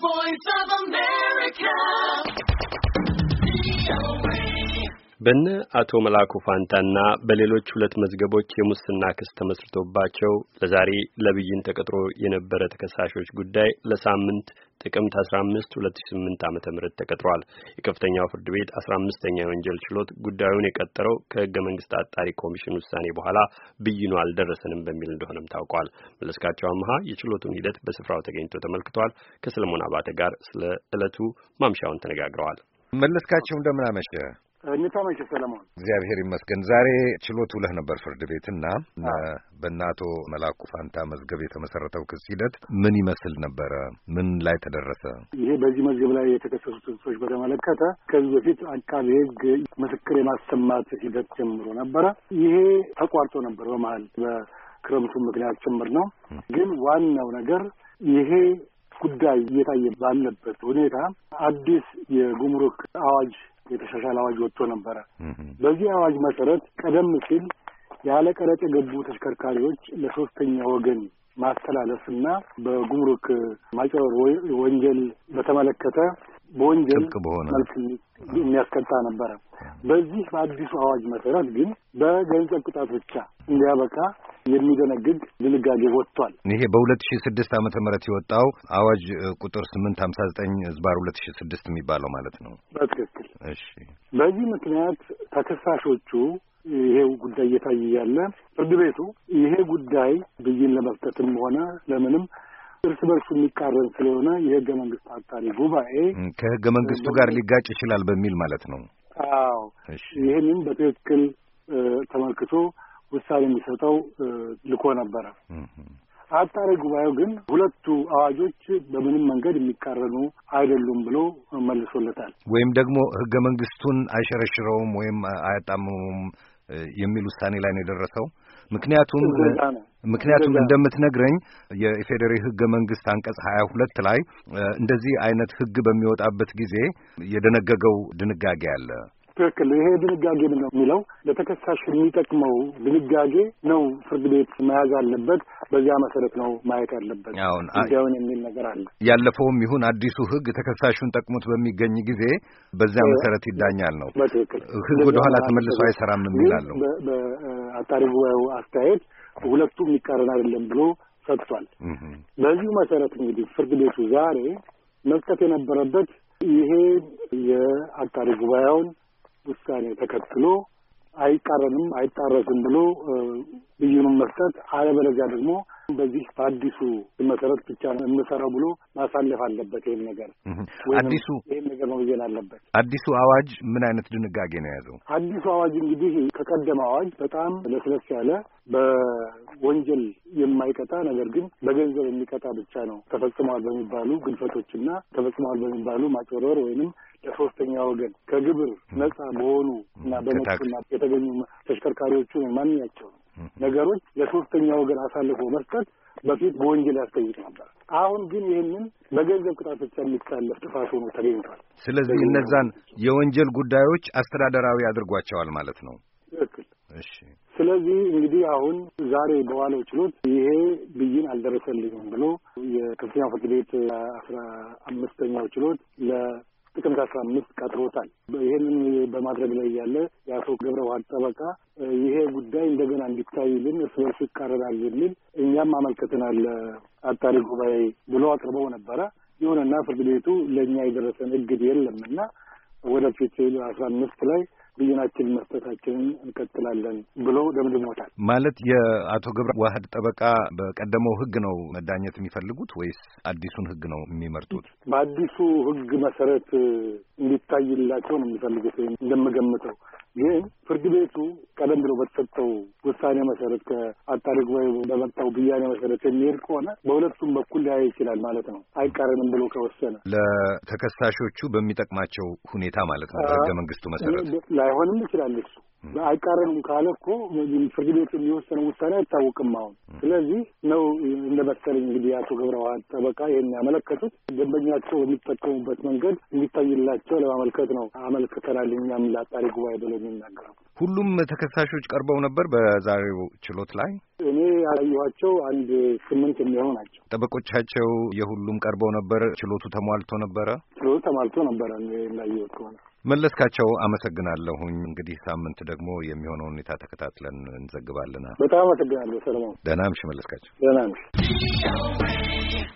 voice of America. በነ አቶ መላኩ ፋንታና በሌሎች ሁለት መዝገቦች የሙስና ክስ ተመስርቶባቸው ለዛሬ ለብይን ተቀጥሮ የነበረ ተከሳሾች ጉዳይ ለሳምንት ጥቅምት 15 2008 ዓመተ ምህረት ተቀጥሯል። የከፍተኛው ፍርድ ቤት 15ኛ የወንጀል ችሎት ጉዳዩን የቀጠረው ከህገ መንግስት አጣሪ ኮሚሽን ውሳኔ በኋላ ብይኑ አልደረሰንም በሚል እንደሆነም ታውቋል። መለስካቸው አምሃ የችሎቱን ሂደት በስፍራው ተገኝቶ ተመልክቷል። ከሰለሞን አባተ ጋር ስለ ዕለቱ ማምሻውን ተነጋግረዋል። መለስካቸው እንደምን አመሸ? እንዴት ሰለሞን? እግዚአብሔር ይመስገን። ዛሬ ችሎት ውለህ ነበር ፍርድ ቤትና በእነ አቶ መላኩ ፋንታ መዝገብ የተመሰረተው ክስ ሂደት ምን ይመስል ነበረ? ምን ላይ ተደረሰ? ይሄ በዚህ መዝገብ ላይ የተከሰሱት ክሶች በተመለከተ ከዚህ በፊት አቃቤ ሕግ ምስክር የማሰማት ሂደት ጀምሮ ነበረ። ይሄ ተቋርጦ ነበር በመሀል በክረምቱ ምክንያት ጭምር ነው። ግን ዋናው ነገር ይሄ ጉዳይ እየታየ ባለበት ሁኔታ አዲስ የጉምሩክ አዋጅ የተሻሻለ አዋጅ ወጥቶ ነበረ። በዚህ አዋጅ መሰረት ቀደም ሲል ያለ ቀረጥ የገቡ ተሽከርካሪዎች ለሶስተኛ ወገን ማስተላለፍ እና በጉምሩክ ማጭበርበር ወንጀል በተመለከተ በወንጀል መልክ የሚያስቀጣ ነበረ። በዚህ በአዲሱ አዋጅ መሰረት ግን በገንዘብ ቅጣት ብቻ እንዲያበቃ የሚደነግግ ድንጋጌ ወጥቷል። ይሄ በሁለት ሺ ስድስት ዓመተ ምህረት የወጣው አዋጅ ቁጥር ስምንት ሀምሳ ዘጠኝ ህዝባር ሁለት ሺ ስድስት የሚባለው ማለት ነው። በትክክል እሺ። በዚህ ምክንያት ተከሳሾቹ ይሄው ጉዳይ እየታየ ያለ ፍርድ ቤቱ ይሄ ጉዳይ ብይን ለመስጠትም ሆነ ለምንም እርስ በርሱ የሚቃረን ስለሆነ የህገ መንግስት አጣሪ ጉባኤ ከህገ መንግስቱ ጋር ሊጋጭ ይችላል በሚል ማለት ነው። አዎ ይህንም በትክክል ተመልክቶ ውሳኔ የሚሰጠው ልኮ ነበረ። አጣሪ ጉባኤው ግን ሁለቱ አዋጆች በምንም መንገድ የሚቃረኑ አይደሉም ብሎ መልሶለታል። ወይም ደግሞ ህገ መንግስቱን አይሸረሽረውም ወይም አያጣምሙም የሚል ውሳኔ ላይ ነው የደረሰው። ምክንያቱም ምክንያቱም እንደምትነግረኝ የኢፌዴሪ ህገ መንግስት አንቀጽ ሀያ ሁለት ላይ እንደዚህ አይነት ህግ በሚወጣበት ጊዜ የደነገገው ድንጋጌ አለ ትክክል። ይሄ ድንጋጌ ነው የሚለው ለተከሳሽ የሚጠቅመው ድንጋጌ ነው ፍርድ ቤት መያዝ አለበት። በዚያ መሰረት ነው ማየት ያለበት ጉዳዩን የሚል ነገር አለ። ያለፈውም ይሁን አዲሱ ህግ ተከሳሹን ጠቅሞት በሚገኝ ጊዜ በዚያ መሰረት ይዳኛል ነው። በትክክል ሕግ ወደኋላ ተመልሶ አይሰራም የሚላለው በአጣሪ ጉባኤው አስተያየት ሁለቱ የሚቃረን አይደለም ብሎ ሰጥቷል። በዚሁ መሰረት እንግዲህ ፍርድ ቤቱ ዛሬ መስጠት የነበረበት ይሄ የአጣሪ ጉባኤውን ውሳኔ ተከትሎ አይቃረንም አይጣረስም ብሎ ብይኑን መስጠት አለበለዚያ ደግሞ በዚህ በአዲሱ መሰረት ብቻ ነው የምሰራው ብሎ ማሳለፍ አለበት። ይህን ነገር አዲሱ ይህን ነገር መብየን አለበት። አዲሱ አዋጅ ምን አይነት ድንጋጌ ነው የያዘው? አዲሱ አዋጅ እንግዲህ ከቀደመ አዋጅ በጣም ለስለስ ያለ በወንጀል የማይቀጣ ነገር ግን በገንዘብ የሚቀጣ ብቻ ነው። ተፈጽመዋል በሚባሉ ግድፈቶችና ተፈጽመዋል በሚባሉ ማጭበርበር ወይንም ለሶስተኛ ወገን ከግብር ነጻ በሆኑ እና በመና የተገኙ ተሽከርካሪዎቹ ማንኛቸው ነገሮች ለሶስተኛ ወገን አሳልፎ መስጠት በፊት በወንጀል ያስጠይቅ ነበር። አሁን ግን ይህንን በገንዘብ ቅጣት ብቻ የሚታለፍ ጥፋት ሆኖ ተገኝቷል። ስለዚህ እነዛን የወንጀል ጉዳዮች አስተዳደራዊ አድርጓቸዋል ማለት ነው። ትክክል። እሺ። ስለዚህ እንግዲህ አሁን ዛሬ በዋለው ችሎት ይሄ ብይን አልደረሰልኝም ብሎ የከፍተኛው ፍርድ ቤት አስራ አምስተኛው ችሎት ለ ጥቅምት አስራ አምስት ቀጥሮታል። ይህንን በማድረግ ላይ ያለ የአቶ ገብረ ገብረዋህድ ጠበቃ ይሄ ጉዳይ እንደገና እንዲታይልን እርስ በርሱ ይቃረናል የሚል እኛም አመልክተናል አጣሪ ጉባኤ ብሎ አቅርበው ነበረ። ይሁንና ፍርድ ቤቱ ለእኛ የደረሰን እግድ የለምና ወደፊት አስራ አምስት ላይ ብይናችን መስጠታችንን እንቀጥላለን ብሎ ደምድሞታል። ማለት የአቶ ገብረ ዋህድ ጠበቃ በቀደመው ህግ ነው መዳኘት የሚፈልጉት ወይስ አዲሱን ህግ ነው የሚመርጡት? በአዲሱ ህግ መሰረት እንዲታይላቸው ነው የሚፈልጉት። እንደምገምተው ግን ፍርድ ቤቱ ቀደም ብሎ በተሰጠው ውሳኔ መሰረት ከአጣሪ ጉባኤ በመጣው ብያኔ መሰረት የሚሄድ ከሆነ በሁለቱም በኩል ሊያይ ይችላል ማለት ነው። አይቃረንም ብሎ ከወሰነ ለተከሳሾቹ በሚጠቅማቸው ሁኔታ ማለት ነው። በህገ መንግስቱ መሰረት ላይሆንም ይችላል እሱ አይቃረንም ካለ እኮ ፍርድ ቤት የሚወሰነው ውሳኔ አይታወቅም አሁን። ስለዚህ ነው እንደ መሰለኝ እንግዲህ አቶ ገብረዋህድ ጠበቃ ይህን ያመለከቱት ደንበኛቸው በሚጠቀሙበት መንገድ እንዲታይላቸው ለማመልከት ነው። አመልክተናል እኛም ለአጣሪ ጉባኤ ብለው የሚናገረው ሁሉም ተከሳሾች ቀርበው ነበር በዛሬው ችሎት ላይ እኔ ያላየኋቸው አንድ ስምንት የሚሆኑ ናቸው። ጠበቆቻቸው የሁሉም ቀርበው ነበር። ችሎቱ ተሟልቶ ነበረ። ችሎቱ ተሟልቶ ነበረ ላየሁት ከሆነ መለስካቸው አመሰግናለሁኝ። እንግዲህ ሳምንት ደግሞ የሚሆነው ሁኔታ ተከታትለን እንዘግባለና በጣም አመሰግናለሁ ሰለሞን። ደህና እምሽ መለስካቸው። ደህና እምሽ